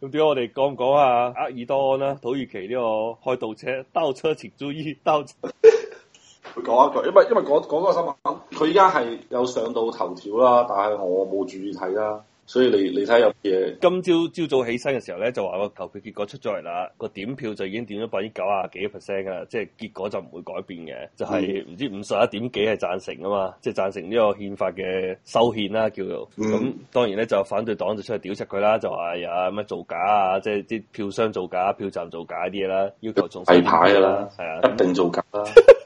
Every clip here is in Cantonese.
咁點解我哋講唔講啊？厄爾多安啦，土耳其呢個開倒車、倒車請注意倒車。佢講 一句，因為因為講講嗰新聞，佢依家係有上到頭條啦，但係我冇注意睇啦。所以你你睇有嘢，今朝朝早，早起身嘅時候咧，就話個投票結果出咗嚟啦，個點票就已經點咗百分之九啊幾 percent 㗎啦，即係結果就唔會改變嘅，就係、是、唔知五十一點幾係贊成啊嘛，即係贊成呢個憲法嘅修憲啦，叫做咁、嗯，當然咧就反對黨就出嚟屌食佢啦，就話、哎、呀咩造假啊，即係啲票箱造假、票站造假啲嘢啦，要求重新排噶啦，係啊，的一定造假啦。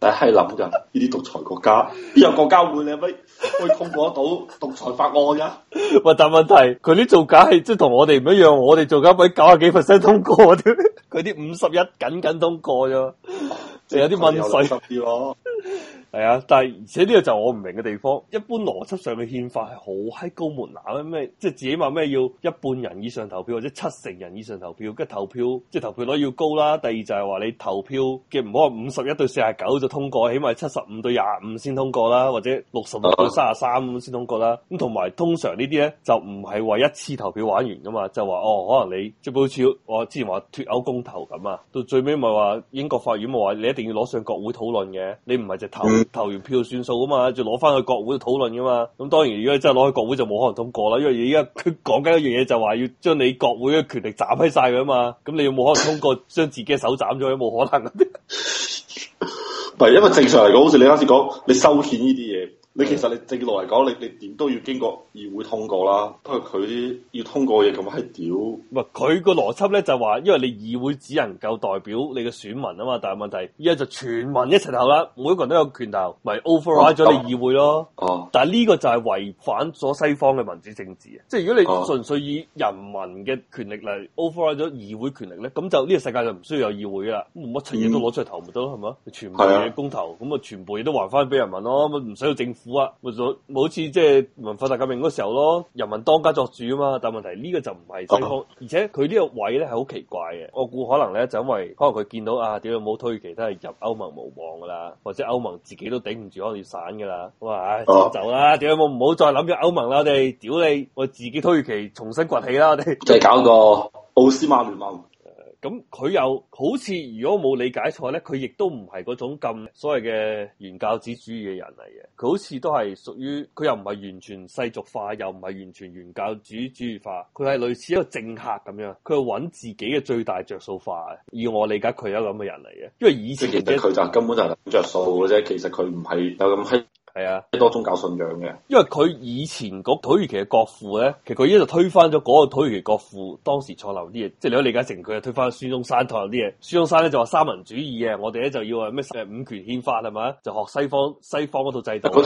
但係諗緊，呢啲獨裁國家邊有 國家會你咪可,可以通過得到獨裁法案噶？喂， 但問題佢啲造假係即係同我哋唔一樣，我哋造假咪九十幾 percent 通過添，佢啲五十一緊緊通過咋，就、哦、只有啲温水。 係啊，但係而且呢個就我唔明嘅地方，一般邏輯上嘅憲法係好閪高門檻咯，咩即係自己話咩要一半人以上投票或者七成人以上投票，跟投票即係投票率要高啦。第二就係話你投票嘅唔好話五十一對四十九就通過，起碼七十五對廿五先通過啦，或者六十六對三十三咁先通過啦。咁同埋通常呢啲咧就唔係話一次投票玩完噶嘛，就話哦可能你即係好似我之前話脱歐公投咁啊，到最尾咪話英國法院咪話你一定要攞上國會討論嘅，你唔係只投。嗯投完票算數啊嘛，就攞翻去國會討論噶嘛。咁當然，如果你真係攞去國會就冇可能通過啦，因為而家佢講緊一樣嘢就話要將你國會嘅權力斬喺晒佢噶嘛。咁你有冇可能通過將自己嘅手斬咗？有冇可能。係，因為正常嚟講，好似你啱先講，你收錢呢啲嘢。其實你正路嚟講，你你點都要經過議會通過啦。不過佢啲要通過嘅嘢咁閪屌。唔係佢個邏輯咧就話、是，因為你議會只能夠代表你嘅選民啊嘛。但係問題依家就全民一齊投啦，每一個人都有權投，咪、就是、override 咗你議會咯。哦、啊。啊、但係呢個就係違反咗西方嘅民主政治啊！即係如果你純粹以人民嘅權力嚟 override 咗議會權力咧，咁就呢個世界就唔需要有議會啊！冇乜一切嘢都攞出嚟投咪得咯，係嘛、嗯？全民公投，咁啊、嗯嗯、全部嘢都還翻俾人民咯，唔使到政府。冇啊，好似即係文化大革命嗰時候咯，人民當家作主啊嘛。但問題呢個就唔係西方，啊、而且佢呢個位咧係好奇怪嘅。我估可能咧就因為可能佢見到啊，屌你冇土耳其都係入歐盟無望噶，啦，或者歐盟自己都頂唔住可能要散噶啦。我話唉走啦，屌你冇唔好再諗住歐盟啦，我哋屌你，我自己土耳其重新崛起啦，我哋就係搞個奧斯曼聯盟。咁佢又好似如果冇理解錯咧，佢亦都唔係嗰種咁所謂嘅原教旨主義嘅人嚟嘅。佢好似都係屬於，佢又唔係完全世俗化，又唔係完全原教旨主義化。佢係類似一個政客咁樣，佢係揾自己嘅最大着數化。而我理解佢係一個咁嘅人嚟嘅，因為以前佢就根本就係着數嘅啫。其實佢唔係有咁興。係啊，多宗教信仰嘅，因為佢以前土耳其嘅國父咧，其實佢一度推翻咗嗰個土耳其國父當時錯漏啲嘢，即係你可以理解成佢係推翻孫中山錯漏啲嘢。孫中山咧就話三民主義啊，我哋咧就要話咩五權憲法係嘛，就學西方西方嗰套制度。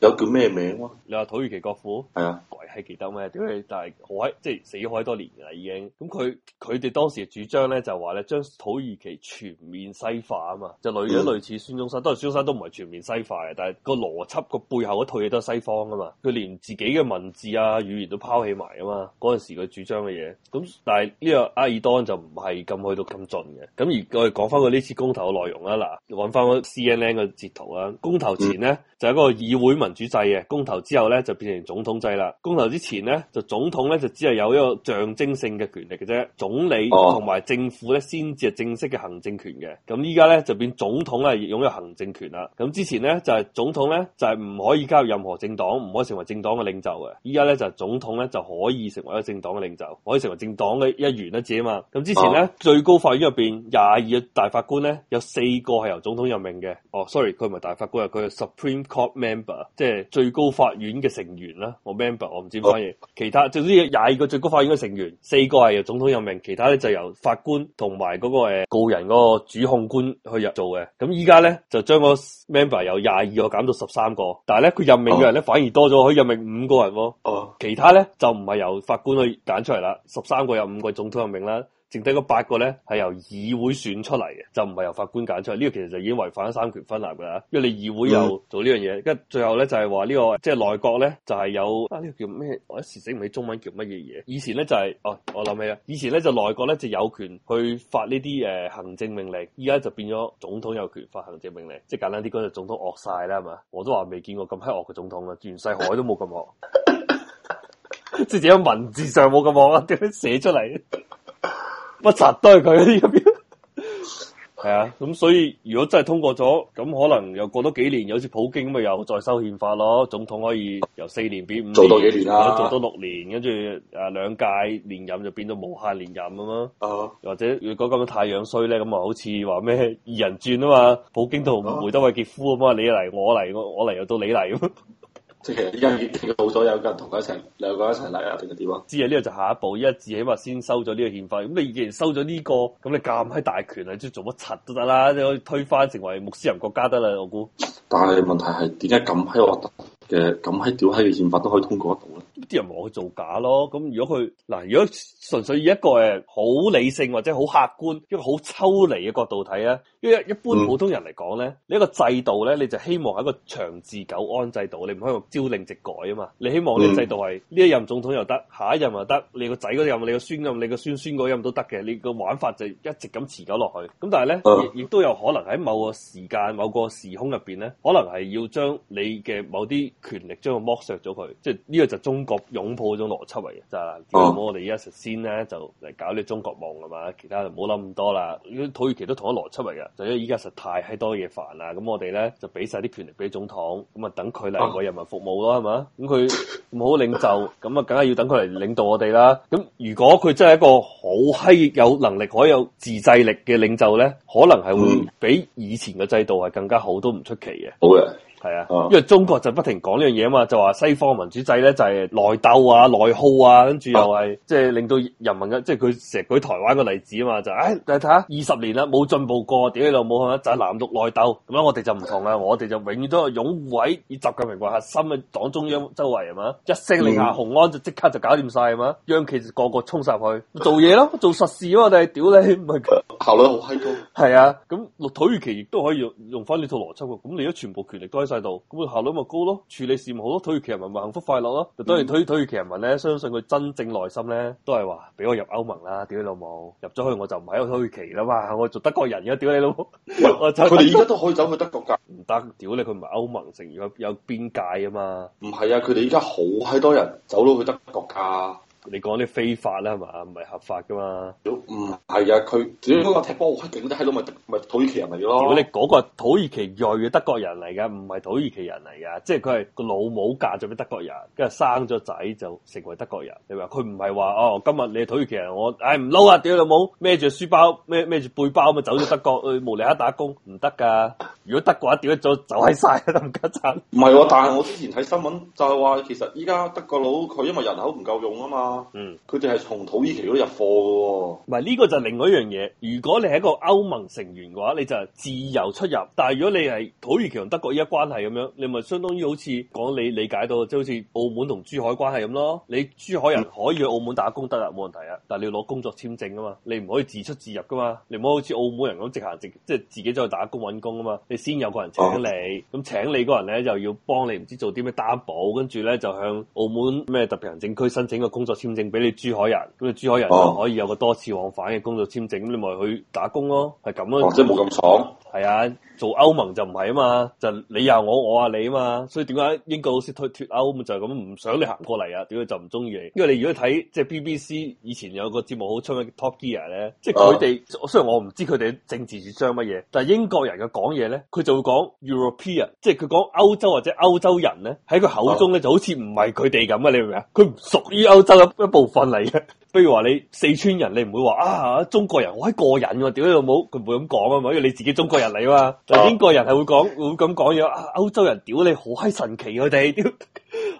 有叫咩名你話土耳其國父係啊，鬼係記得咩？但係好即係死咗好多年噶啦已經。咁佢佢哋當時主張咧就話咧將土耳其全面西化啊嘛，就類咗、啊、類似孫中山，但係孫中山都唔係全面西化嘅，但係個邏。插個背後嗰套嘢都係西方啊嘛，佢連自己嘅文字啊語言都拋棄埋啊嘛，嗰陣時佢主張嘅嘢，咁但係呢個阿爾當就唔係咁去到咁盡嘅，咁而我哋講翻佢呢次公投嘅內容啦，嗱，揾翻個 CNN 嘅截圖啦，公投前呢，就係一個議會民主制嘅，公投之後咧就變成總統制啦，公投之前咧就總統咧就只係有一個象徵性嘅權力嘅啫，總理同埋政府咧先至係正式嘅行政權嘅，咁依家咧就變總統咧擁有行政權啦，咁之前咧就係總統咧，就係唔可以加入任何政黨，唔可以成為政黨嘅領袖嘅。依家咧就係、總統咧就可以成為一政黨嘅領袖，可以成為政黨嘅一員一子啊嘛。咁之前咧、啊、最高法院入邊廿二個大法官咧有四個係由總統任命嘅。哦，sorry，佢唔係大法官，佢係 Supreme Court Member，即係最高法院嘅成員啦。我 Member，我唔知點講嘢、啊。其他總之廿二個最高法院嘅成員，四個係由總統任命，其他咧就係、由法官同埋嗰個誒個、呃、人嗰個主控官去入做嘅。咁依家咧就將個 Member 由廿二個減到十三。三個，但係咧佢任命嘅人咧反而多咗，可以任命五個人，哦，其他咧就唔係由法官去揀出嚟啦。十三個有五個總統任命啦。剩低個八個咧，係由議會選出嚟嘅，就唔係由法官揀出嚟。呢、這個其實就已經違反咗三權分立噶啦，因為你議會又做呢樣嘢，跟住最後咧就係話呢個即係內閣咧就係有啊呢、這個叫咩？我一時醒唔起中文叫乜嘢嘢。以前咧就係、是、哦，我諗起啦，以前咧就內閣咧就有權去發呢啲誒行政命令，而家就變咗總統有權發行政命令。即係簡單啲講就總統惡晒啦，係嘛？我都話未見過咁黑惡嘅總統啦，袁世凱都冇咁惡， 即係只喺文字上冇咁惡啊，點樣寫出嚟？ 不擇都係佢啲咁樣，係啊，咁所以如果真係通過咗，咁可能又過多幾年，又好似普京咪又，又再修憲法咯，總統可以由四年變五年做多幾年啦，啊，做多六年，跟住誒兩屆連任就變到無限連任咁咯，啊，或者如果咁樣太樣衰咧，咁啊好似話咩二人轉啊嘛，普京同梅德韋傑夫咁嘛？你嚟我嚟，我嚟又到你嚟咁。即係其實依家越嚟越好咗，有個人同佢一齊，兩個一齊嚟啊，定係點啊？知啊，呢個就下一步，一至起碼先收咗呢個憲法。咁你既然收咗呢個，咁你咁閪大權啊，即做乜柒都得啦，你可以推翻成為穆斯林國家得啦。我估。但係問題係點解咁閪惡嘅、咁閪屌閪嘅憲法都可以通過得到？啲人望佢做假咯，咁如果佢嗱，如果純粹以一個誒好理性或者好客觀一個好抽離嘅角度睇啊，因為一般普通人嚟講咧，嗯、你一個制度咧，你就希望喺一個長治久安制度，你唔可以話朝令夕改啊嘛，你希望呢個制度係呢、嗯、一任總統又得，下一任又得，你個仔嗰任，你個孫任，你個孫孫嗰任都得嘅，你個玩法就一直咁持久落去。咁但係咧，亦都有可能喺某個時間、某個時空入邊咧，可能係要將你嘅某啲權力將佢剝削咗佢，即係呢個就中國。擁抱嗰種邏輯嚟嘅，就係、是，咁我哋而家食先咧，就嚟搞啲中國夢啊嘛，其他就唔好諗咁多啦。土耳其都同一種邏輯嚟嘅，就是、因為依家實在太閪多嘢煩啦，咁我哋咧就俾晒啲權力俾總統，咁啊等佢嚟為人民服務咯，係嘛？咁佢唔好領袖，咁啊梗係要等佢嚟領導我哋啦。咁如果佢真係一個好閪有能力、可以有自制力嘅領袖咧，可能係會比以前嘅制度係更加好，都唔出奇嘅。好嘅。係啊，啊因為中國就不停講呢樣嘢，啊嘛，就話西方民主制咧就係內鬥啊、內耗啊，跟住又係、啊、即係令到人民嘅，即係佢成日舉台灣嘅例子啊嘛，就誒，你睇下二十年啦，冇進步過，屌你老母啊，就係內鬥，咁樣我哋就唔同啦，嗯、我哋就永遠都係擁護以習近平為核心嘅黨中央周圍啊嘛，一聲令下，紅安就即刻就搞掂曬啊嘛，央企就個個衝晒入去做嘢咯，做實事咯，我哋屌你唔係佢效率好閪高，係啊，咁綠、嗯那個、土耳其亦都可以用、那個那個、可以用翻呢、那個那個、套邏輯嘅，咁你而家全部權力都喺。那個制度咁佢效率咪高咯，處理事務，好多土耳其人民咪幸福快樂咯。當然、推、嗯、土耳其人民咧，相信佢真正內心咧，都係話俾我入歐盟啦。屌你老母，入咗去我就唔喺土耳其啦嘛，我做德國人而家屌你老母，我走佢哋而家都可以走去德國噶。唔得，屌你，佢唔係歐盟成員有邊界啊嘛。唔係啊，佢哋而家好閪多人走到去德國噶。你講啲非法啦係嘛？唔係合法噶嘛？如果唔係啊！佢只嗰個踢波勁啲閪佬咪咪土耳其人咪咯？如果你嗰個土耳其裔嘅德國人嚟嘅，唔係土耳其人嚟啊！即係佢係個老母嫁咗俾德國人，跟住生咗仔就成為德國人。你話佢唔係話哦，今日你係土耳其人，我唉唔撈啊！屌老母，孭住書包孭孭住背包咁走咗德國，去慕尼黑打工，唔得㗎！如果德國一屌咗就係曬啊！林家振唔係，但係我之前睇新聞就係話，其實依家德國佬佢因為人口唔夠用啊嘛。嗯，佢哋係從土耳其度入貨嘅喎、哦，唔係呢個就係另外一樣嘢。如果你係一個歐盟成員嘅話，你就自由出入。但係如果你係土耳其同德國依家關係咁樣，你咪相當於好似講你理，理解到，即係好似澳門同珠海關係咁咯。你珠海人可以去澳門打工得啦，冇問題啊。但係你要攞工作簽證啊嘛，你唔可以自出自入噶嘛。你唔好好似澳門人咁直行直，即係自己走去打工揾工啊嘛。你先有個人請你，咁、啊、請你嗰人咧就要幫你唔知做啲咩擔保，跟住咧就向澳門咩特別行政區申請個工作簽證俾你珠海人，咁你珠海人就可以有個多次往返嘅工作簽證。哦、你咪去打工咯，係咁咯，即係冇咁爽，係啊。做歐盟就唔係啊嘛，就是、你啊我我啊你啊嘛，所以點解英國老先推脫歐就係咁，唔想你行過嚟啊，點解就唔中意你。因為你如果睇即係 BBC 以前有個節目好出名叫 Top Gear，咧，即係佢哋雖然我唔知佢哋政治主張乜嘢，但係英國人嘅講嘢咧，佢就會講 European，即係佢講歐洲或者歐洲人咧，喺佢口中咧就好似唔係佢哋咁啊，你明唔明啊？佢唔屬於歐洲一一部分嚟嘅。比如話你四川人你，你唔會話啊中國人，我個人、啊，我喺過癮喎，點解又冇？佢唔會咁講啊嘛，因為你自己中國人嚟啊嘛。英國人係會講會咁講嘢，歐、啊、洲人屌你好閪神奇佢哋，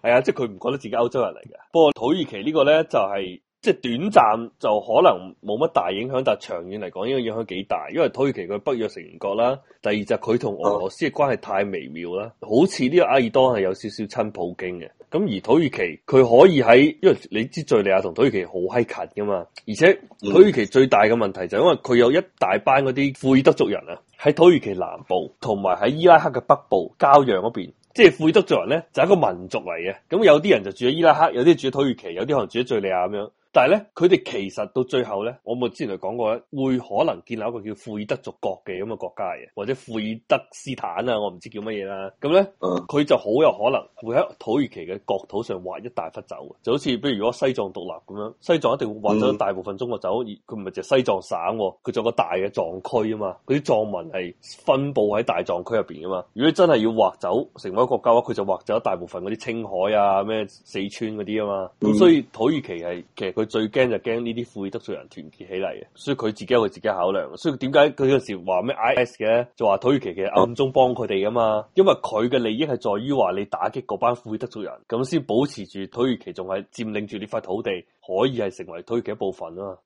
係啊， 即係佢唔覺得自己歐洲人嚟嘅。不過土耳其個呢個咧就係、是、即係短暫就可能冇乜大影響，但係長遠嚟講，應該影響幾大，因為土耳其佢北約成員國啦，第二就係佢同俄羅斯嘅關係太微妙啦，好似呢個埃爾多係有少少親普京嘅。咁而土耳其佢可以喺，因為你知敘利亞同土耳其好閪近噶嘛，而且土耳其最大嘅問題就係因為佢有一大班嗰啲庫爾德族人啊。喺土耳其南部同埋喺伊拉克嘅北部交壤嗰邊，即係庫德族人咧就係一個民族嚟嘅，咁有啲人就住喺伊拉克，有啲住喺土耳其，有啲可能住喺敘利亞咁樣。但係咧，佢哋其實到最後咧，我冇之前嚟講過，會可能建立一個叫庫爾德族國嘅咁嘅國家嘅，或者庫爾德斯坦啊，我唔知叫乜嘢啦。咁咧，佢、uh. 就好有可能會喺土耳其嘅國土上劃一大忽走，就好似譬如如果西藏獨立咁樣，西藏一定會劃走大部分中國走，mm. 而佢唔係就西藏省、啊，佢仲有個大嘅藏區啊嘛，佢啲藏民係分佈喺大藏區入邊啊嘛。如果真係要劃走成為一個國家嘅話，佢就劃走大部分嗰啲青海啊、咩四川嗰啲啊嘛。咁、mm. 所以土耳其係其實。佢最驚就驚呢啲庫爾德族人團結起嚟，所以佢自己會自己考量。所以點解佢有時話咩 I S 嘅，就話土耳其其實暗中幫佢哋噶嘛？因為佢嘅利益係在於話你打擊嗰班庫爾德族人，咁先保持住土耳其仲係佔領住呢塊土地，可以係成為土耳其一部分啊。